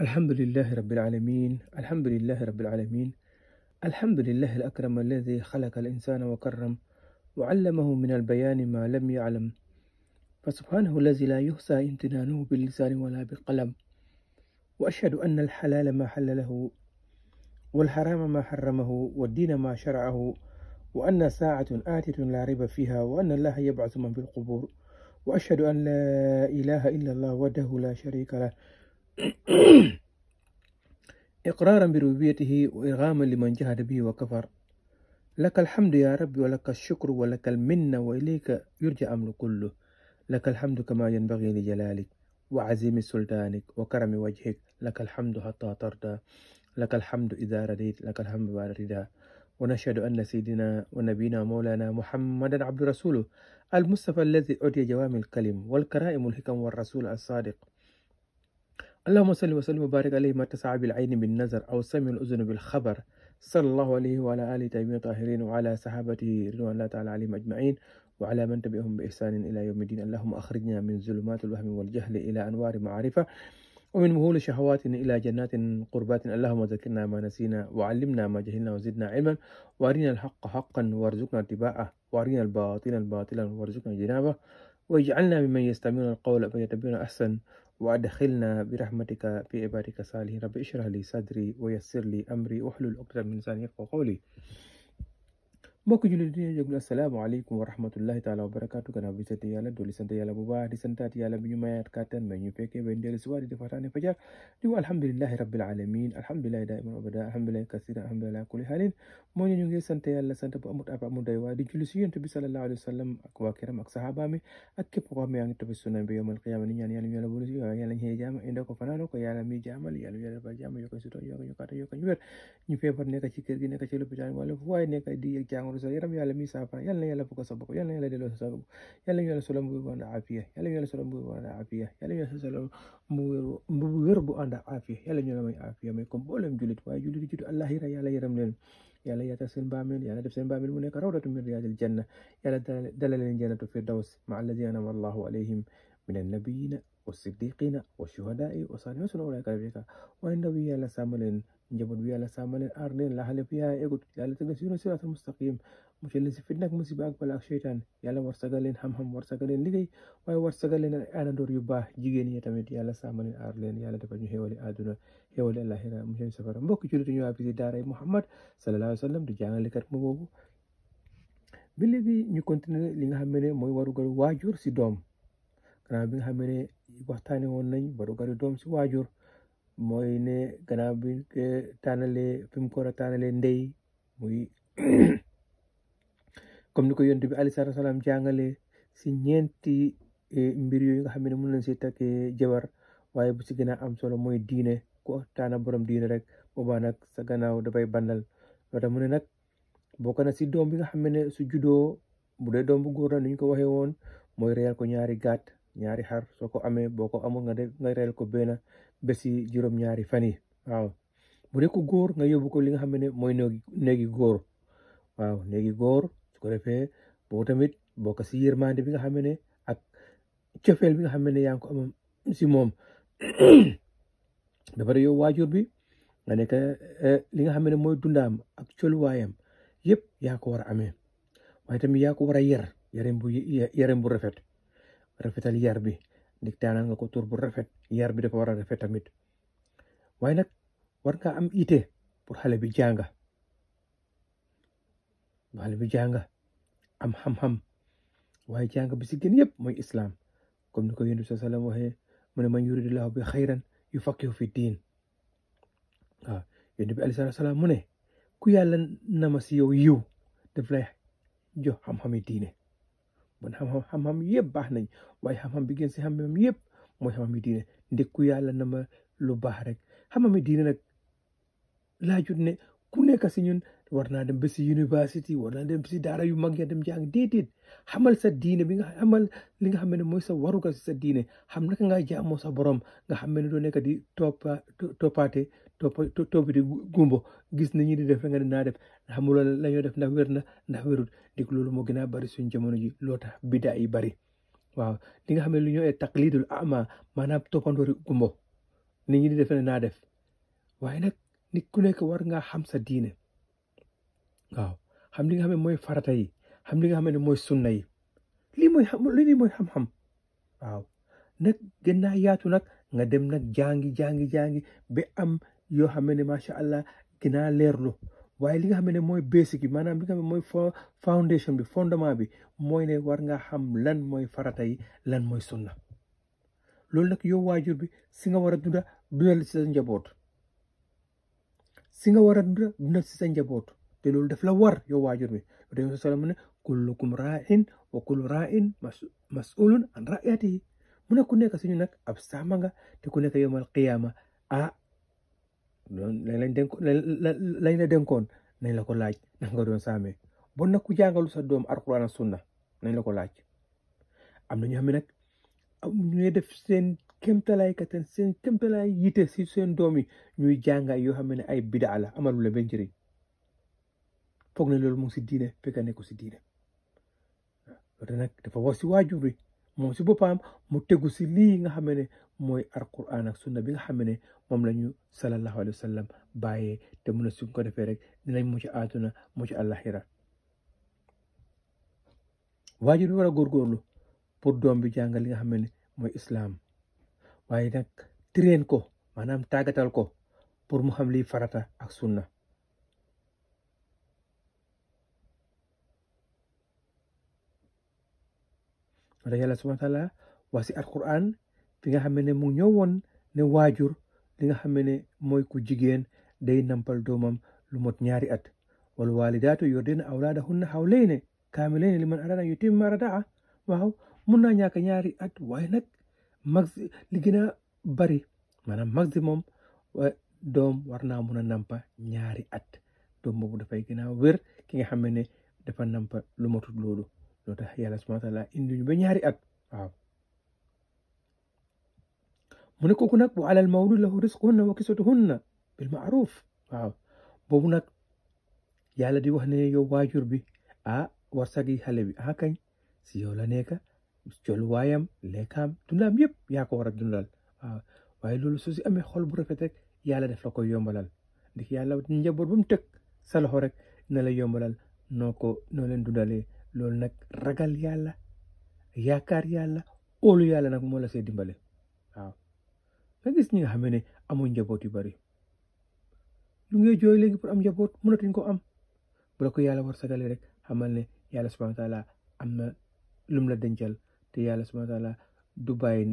الحمد لله رب العالمين الحمد لله رب العالمين الحمد لله الأكرم الذي خلق الإنسان وكرم وعلمه من البيان ما لم يعلم فسبحانه الذي لا يحصى امتنانه باللسان ولا بالقلم وأشهد أن الحلال ما حلله والحرام ما حرمه والدين ما شرعه وأن ساعة آتة لا ريب فيها وأن الله يبعث من في القبور وأشهد أن لا إله إلا الله وحده لا شريك له إقرارا بربوبيته وإرغاما لمن جهد به وكفر لك الحمد يا رب ولك الشكر ولك المنة وإليك يرجى أمر كله لك الحمد كما ينبغي لجلالك وعزيم سلطانك وكرم وجهك لك الحمد حتى ترضى لك الحمد إذا رديت لك الحمد بعد رضا ونشهد أن سيدنا ونبينا مولانا محمدا عبد رسوله المصطفى الذي أعطي جوامع الكلم والكرائم الحكم والرسول الصادق اللهم صل وسلم وبارك عليه ما تسعى بالعين بالنظر أو سمع الأذن بالخبر صلى الله عليه وعلى آله تيمية الطاهرين وعلى صحابته رضوان الله تعالى عليهم أجمعين وعلى من تبعهم بإحسان إلى يوم الدين اللهم أخرجنا من ظلمات الوهم والجهل إلى أنوار معرفة ومن مهول شهوات إلى جنات قربات اللهم ذكرنا ما نسينا وعلمنا ما جهلنا وزدنا علما وأرنا الحق حقا وارزقنا اتباعه وأرنا الباطل باطلا وارزقنا اجتنابه واجعلنا ممن يستمعون القول فيتبعون أحسن وأدخلنا برحمتك في عبادك الصالحين رب اشرح لي صدري ويسر لي أمري واحلل عقدة من لساني يفقهوا قولي mbokk jullit di déglu dooli sant yàlla bu di santaat yàlla bi ñu mayaat kàttan may ñu ba ndeel si di defataane fajar di ko alhamdulilahi rabbil alamin alhamdulilahi daiman abada alhamdulilahi kasira alhamdulilahi kulli haalin moo ñu ngi sant yàlla sant bu amut ab amut di julli si yonent bi sallallahu alayhi wa sallam ak waa kiram ak sahaaba mi ak képp koo xam ne yaa ngi topp bi yawmal qiyaama ni ñaan yàlla ñu yàlla boole si yàlla jaama inde ko fanaano ko mi jaama yokko si toon ஒரு இறமை எல்லாமே சாப்பிட்றான் எல்லாம் எல்லாம் புக்க சபக்கு எல்லாம் எல்லாம் டெலிவரி சபக்கு எல்லாம் எல்லாம் சொல்லும் போவான ஆஃபியா எல்லாம் எல்லாம் சொல்லும் போவான ஆஃபியா எல்லாம் எல்லாம் சொல்லும் ويربو عند عافية يلا نيولا مي عافية مي كم بولم جولت واي جولت جولت الله يرى يلا يرم لين يلا يا تسن بامل يلا تسن بامل منك روضة من رياض الجنة يلا دلل الجنة في الدوس مع الذين أنعم الله عليهم من النبيين والصديقين والشهداء والصالحين وسلم عليك ربك وإن نبي يلا ساملين njaboot bi yaa egut yàlla na si yoonu siraatal mustaqim mu jël si fitna ak leen baax jigéen ñi tamit yàlla sàmmaleen aar leen yàlla dafa ñu xéwale àdduna xéwale àlaxira mu jëm ñu waa li nga xam ne mooy warugaru waajur si doom gannaaw bi nga xam ne waxtaane woon nañ warugaru doom si waajur mooy ne gannaaw bi ko tànnalee fi mu ko a tànnalee ndey muy comme ni koy yonent bi aleyhi salaatu wa salaam jàngale si ñeenti eh, mbir yooyu nga xam ne mën nañ si takkee eh, jabar waaye bu si gën am solo mooy diine ku taana borom diine rek ba nag sa gannaaw dafay bandal loolu tax mu ne nag bokk na si doom bi nga xam ne su juddoo bu dee doom bu góor la ni ñu ko waxee woon mooy reyal ko ñaari gàtt ñaari xar soo ko amee boo ko amoon nga def nga reel ko benn bési juróom-ñaari fan yi waaw bu dee ko góor nga yóbbu ko li nga xam ne mooy néegi góor waaw néegi góor su ko defee boo tamit bokk si yërmande bi nga xam ne ak cofeel bi nga xam ne yaa ngi ko am si moom dafa yow waajur bi nga nekk eh, li nga xam ne mooy dundaam ak coluwaayam yëpp yaa ko war a amee waaye tamit yaa ko war a yar yarem bu bu rafet rafetal yar bi ndik taana nga ko tur bu rafet yar bi dafa war a rafet tamit waaye nag war nga am ite pour xale bi jànga xale bi jànga am xam-xam waaye jàng bi si gën yëpp mooy islam comme ni ko yéndu sa salam mu ne man yuridillahu bi xayran yu fakkihu fi diin waaw yéndu bi salaam mu ne ku yàlla nama si yow yiw daf lay jox xam-xami diine bon xam-xam xam-xam yëpp baax nañ waaye xam-xam bi gën si xam-xam yëpp mooy xam-xam yi diine ndekku yàlla na ma lu baax rek xam-xam yi diine nag ne ku nekk si ñun war naa dem ba si university war naa dem si daara yu mag ya dem jàng déedéet xamal sa diine bi nga xamal li nga xam ne mooy sa waruga si sa diine xam naka nga jaamoo sa borom nga xam ne doo nekk di toppa toppaate toppati gumbo gis nañu di def nga ne naa def xamuloo la ñoo def ndax wér na ndax wérut dik loolu moo gën a bari suñ jamono ji loo tax bidaa yi bari waaw li nga xam ne lu ñoo taqlidul ama maanaam toppandoori gumbo nit ñi di def naa def waaye nag nit ku nekk war ngaa xam sa diine waaw xam li nga xam ne mooy farata yi xam li nga xam ne mooy sunna yi lii mooy xam lii mooy xam-xam waaw nag gën naa yaatu nag nga dem nag jàngi jàngi jàngi ba am yoo xam ne macha allah gën leerlu waaye li nga xam ne mooy basic bi maanaam li nga xam ne mooy bi fondement bi mooy ne war nga xam lan mooy farata lan mooy sunna loolu nag yow waajur bi si nga war a dunda dundal si njaboot si nga war a dunda sa njaboot te loolu daf la war yow waajur bi yonent bi sallallahu alayhi wa sallam ne kullukum ra'in wa an ra'iyatihi mu ne ku nekk ñu nag ab sàmm nga te ku nekk yawmal qiyaama ah lañ lañ dénk lañ la dénkoon nañ la ko laaj ndax nga doon sàmmee bon nag ku jàngalu sa doom ar alquran ak sunna nañ la ko laaj am na ñoo xam ne nag ñooy def seen kéemtalaay katan seen kéemtalaay yite si seen doom yi ñuy jànga yoo xam ne ay bidaa la amalu la benn foog ne loolu moom si diine fekk nekkul si diine loolu nag dafa war si waajur bi moom si boppam mu tegu si lii nga xam ne mooy alquran ak sunna bi nga xam ne moom lañu ñu sallallahu alayhi wa sallam bàyyee te mun a suñ ko defee rek dinañ mucc àdduna mucc àllaxira waajur war a góorgóorlu pour doom bi jàngal li nga xam ne mooy islaam waaye nag tireen ko maanaam tàggatal ko pour mu xam lii farata ak sunna ndax yàlla subhaana taala wax si alquran fi nga xam ne mu ñëwoon ne waajur li nga xam ne mooy ku jigéen day nampal doomam lu mot ñaari at wal waalidaatu yurdina awlaadahunna hawlayni kaamilayni liman araada an yutimma radaa waaw mun naa ñàkk ñaari at waaye nag mag li gën a bari maanaam maximum doom war naa mun a nampa ñaari at doom boobu dafay gën a wér ki nga xam ne dafa nampa lu motul loolu loo tax yàlla subhaanahu ba ñaari at waaw mu ne kooku nag wa alal mawlud lahu rizquhunna wa kiswatuhunna bil ma'ruf waaw boobu nag yàlla di wax ne yow waajur bi ah warsagi xale bi ah kañ si yow la nekk colwaayam lekkaam dundaam yëpp yaa ko war a dundal waaw waaye loolu su amee xol bu rafet rek yàlla def la ko yombalal ndik yàlla njaboot ba mu teg sa loxo rek na la yombalal noo ko noo leen loolu nag ragal yàlla yaakaar yàlla óolu yàlla nag moola la see dimbale nga gis ñi nga xam ne amuñ njaboot yu bari lu ngay jooy léegi pour am njaboot mënatuñ ko am bu la ko yàlla war sagale rek xamal ne yàlla subhanahu wa am na lum la dencal te yàlla subhanahu wa taala du bàyyi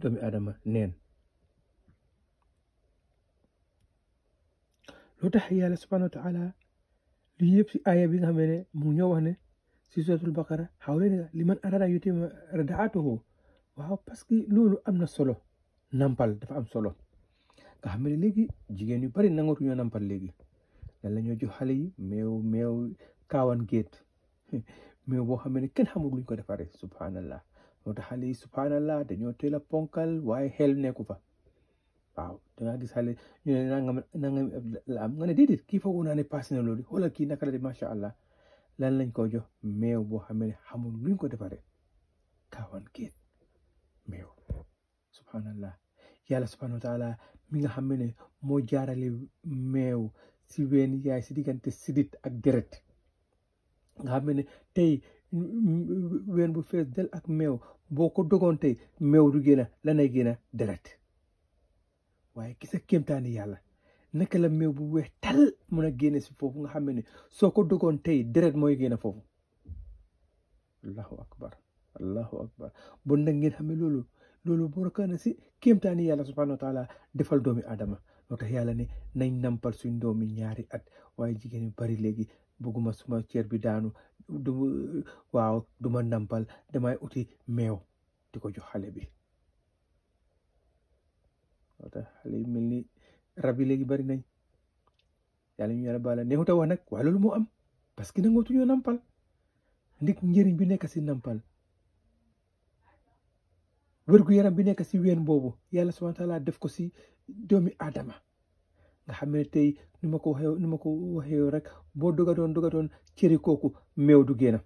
doomi aadama neen lu tax yàlla subhanahu wa taala lu yëpp si bi nga xam ne mu ñoo wax ne si suratul baqara xawleena li man arada yutima radaatuhu waaw parce que loolu am na solo nampal dafa am solo nga xam ne léegi jigéen yu bari nangatuñoo nampal léegi lan la ñoo jox xale yi meew meew kaawan géet meew boo xam ne kenn xamul luñ ko defaree subhanallah moo tax xale yi subhanallah dañoo teel a ponkal waaye xel nekku fa waaw dangaa gis xale ñu ne nangam nangam la am nga ne déedéet kii foogoo naa ne passé na loolu xoolal kii naka la de macha allah lan lañ ko jox meew boo xam ne xamul luñ ko defaree kaawan kéet meew subhanallah yàlla subhanahu wa mi nga xam ne moo jaarale meew si ween yaay si diggante sidit ak deret nga xam ne tey ween bu fees del ak meew boo ko dogoon tey meew du génn lanay génn deret waaye gisa kéemtaani yàlla naka la meew bu weex tal mun a génne si foofu nga xam ni soo ko dogoon tey deret mooy génne foofu allahu akbar allahu akbar bon nag ngeen xam ne loolu loolu bokk na si kéemtaani yàlla subhanahu wa defal doomi aadama loo tax yàlla ne nañ nampal suñ doomi ñaari at waaye jigéen yu bari léegi bëgguma suma ceer bi daanu du waaw duma ma nampal damay uti meew di ko jox xale bi loo tax xale yi mel ni rab yi léegi bari nañ yàlla ñu yàlla baala neexut a wax nag waaye loolu moo am parce que nangootu nampal ndik njëriñ bi nekk si nampal wérgu yaram bi nekk si ween boobu yàlla subhaana def ko si doomi Adama, nga xam ne tey nu ma ko waxee nu ma ko waxee rek boo dogatoon dogatoon cëri kooku meew du génn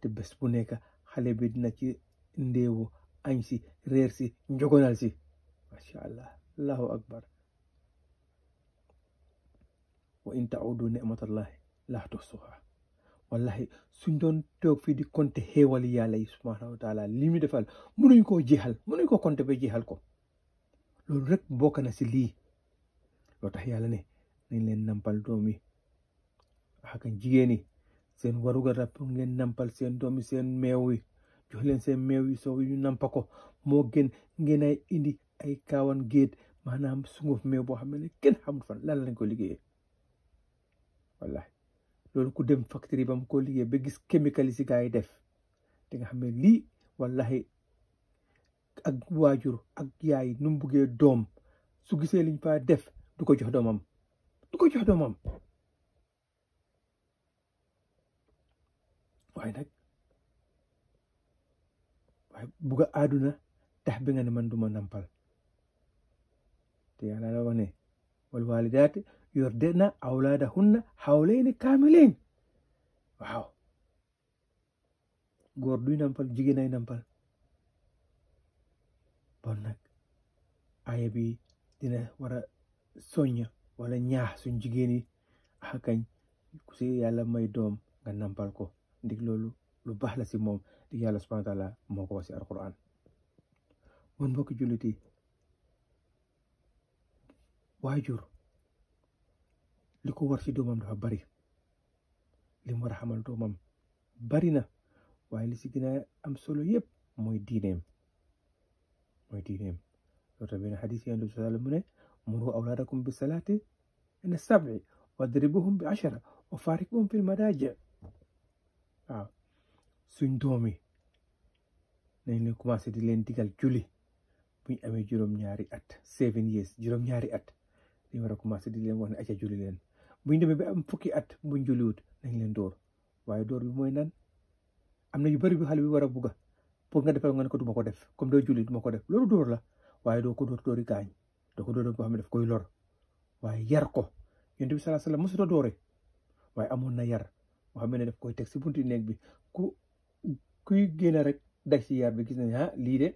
te bés bu nekk xale bi dina ci ndeewu añ si reer si njogonal si allah allahu akbar wa in taudu nicmatallahi laa tuxsuha wallahi suñ doon toog fii di compter xéewal yàlla yi subhanahu wa taala li mu defal mënuñ koo jeexal mënuñ ko compter ba jeexal ko loolu rek bokk na si lii loo tax yàlla ne nañ leen nampal doom yi xakan jigéen yi seen warugar la pour ngeen nampal seen doom yi seen meew yi jox leen seen meew yi soo ñu nampa ko moo gën ngeen ay indi ay kaawan géet maanaam sunguf meew boo xam ne kenn xamul fan lan lañ ko liggéey wallahi loolu ku dem factory ba mu ko liggéey ba gis chemical si gars yi def di nga xam ne lii wallahi ak waajur ak yaay nu mu buggee doom su gisee liñ fa def du ko jox doomam du ko jox doomam waaye nag waaye bugg a àdduna tax bi nga ne man du nampal Waanti yaa laala waaneef wal waalidaatti yoordoota hawlaa daahuun hawleen eekaameleen waaw! Goordii nambal jiginni nambal. Bonna ayabii dina warra soonya warra nyaaha sun jigeeyee hakan kusee yaala may doonuu nambal ko dig loolu baala simmoo yaala subhanahu waan ta'a moko hoosee argaa waan waan bokkuu jullitee. waajur li ko war ci doomam dafa bari li mu war a xamal doomam bari na waaye li ci gën am solo yëpp mooy diineem mooy diineem loolu tamit xadis mu ne muru awlaadakum bi salaati inda sab'i wadribuhum bi ashara wa faariquhum fil madaaji' waaw suñ doom yi nañ leen commencé di leen digal julli buñ amee juróom at seven years juróom-ñaari at dañ war a di leen wax ne aca julli leen buñ demee ba am fukki at buñ julliwut nañ leen door waaye door bi mooy nan am na yu bari bi xale bi war a bugga pour nga defal nga ko duma ko def comme doo julli duma ko def loolu door la waaye doo ko door doori gaañ ko door koy lor waaye yar ko yonte bi salaa salaam mosuta doore waaye amoon na yar boo xam ne daf koy teg si bunti néeg bi ku kuy génn rek si yar bi gis nañ de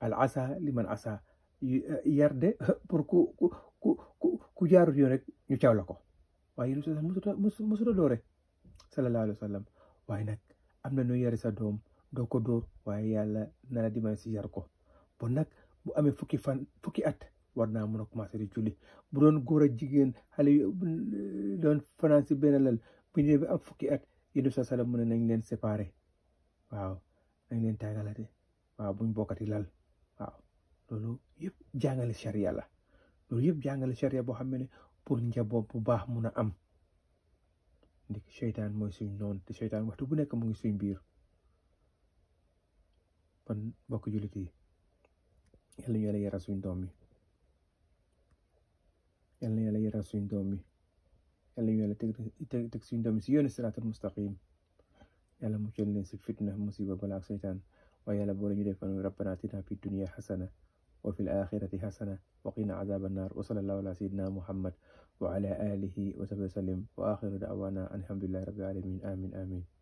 al asa liman asa eh, yar de pour ku kujaarut yo rek ñu cawla ko waaye yéen sallam musuta musu sallallahu alayhi wa sallam waaye nag am na nu yari sa doom doo ko dóor waaye yàlla nana dimbali si yar ko bon nag bu amee fukki fan fukki at war naa mën a commencé di julli bu doon góor a jigéen xale doon fanaan si lal bu ñu am fukki at yéen sa sallam mu ne nañ leen séparé waaw nañ leen tàggalate waaw buñ bokkati lal waaw loolu yëpp jàngale charia la loolu yëpp jàngale charia boo xam ne pour njaboot bu baax mun a am ndik seytaan mooy suñ noon te seytaan waxtu bu nekk mu ngi suñ biir kon bokk jullit yi yàlla ñu yàlla yaral suñ doom yi ñu yàlla yaral suñ doom yi ñu yàlla teg teg suñ doom yi si yoonu siraatal mustaqim yàlla muccal leen si fitna musiba balaa seytaan waaye yàlla boole ñu defal rabbana atina fi dunya xasana وفي الآخرة حسنة وقنا عذاب النار وصلى الله على سيدنا محمد وعلى آله وصحبه وسلم وآخر دعوانا أن الحمد لله رب العالمين آمين آمين